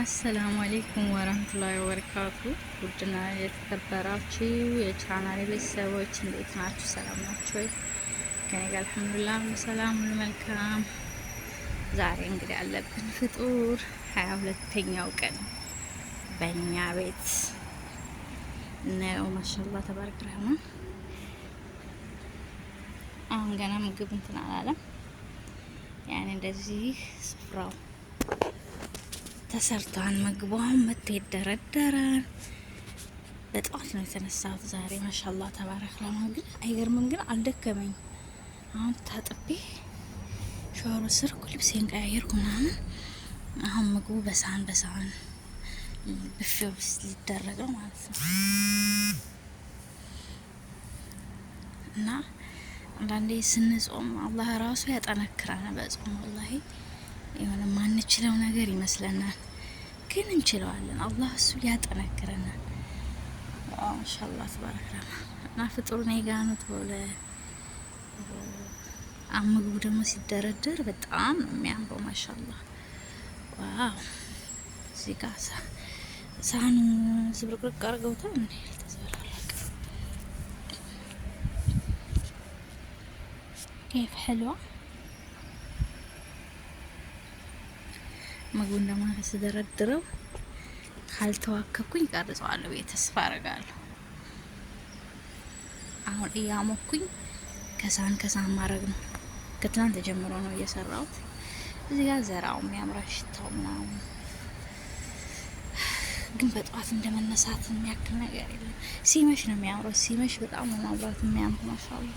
አሰላሙ አሌይኩም ወረህመቱላሂ ወበረካቱ። ውድና የተከበራችሁ የቻናል ቤተሰቦች እንዴት ናችሁ? ሰላም ናችሁ ወይ? ከኔ ጋር አልሐምዱሊላህ ሰላም ሁሉ መልካም። ዛሬ እንግዲህ አለብን ፍጡር ሀያ ሁለተኛው ቀን በእኛ ቤት ነው ማሻአላህ ተባረክ ረህማን። አሁን ገና ምግብ እንትን አላለም። ያኔ እንደዚህ ስፍራው ተሰርቷን ምግቧን መቶ ይደረደራል። በጠዋት ነው የተነሳሁት ዛሬ ማሻላ ተባረክ ረህማን። ግን አይገርምም፣ ግን አልደከመኝ። አሁን ታጥቤ ሻወር ወሰድኩ፣ ልብሴን ቀያየርኩ ምናምን። አሁን ምግቡ በሳህን በሳህን ብፌው ውስጥ ሊደረግ ነው ማለት ነው። እና አንዳንዴ ስንጾም አላህ ራሱ ያጠነክራል በጾም ወላሂ የሆነ ማንችለው ነገር ይመስለናል፣ ግን እንችለዋለን። አላህ እሱ ያጠነክረናል። ማሻአላህ ተባረክ ረህማን እና ፍጡር እኔ ጋ ነው አምግቡ ደግሞ ሲደረደር በጣም ነው የሚያምረው። ማሻላ ዋው! እዚህ ጋ ሳህኑ ዝብርቅርቅ አድርገውታል። ምን ያህል ይፍ ሕልዋ ምግቡን ለማለት ስደረድረው ካልተዋከብኩኝ ቀርጸዋለሁ ብዬ ተስፋ አረጋለሁ። አሁን እያሞኩኝ ከሳን ከሳን ማድረግ ነው። ከትናንት ጀምሮ ነው እየሰራሁት። እዚህ ጋር ዘራው የሚያምራ ሽታው ምናምን ግን በጠዋት እንደመነሳት የሚያክል ነገር የለም። ሲመሽ ነው የሚያምረው። ሲመሽ በጣም ነው ማብራት የሚያምር ማሻአላ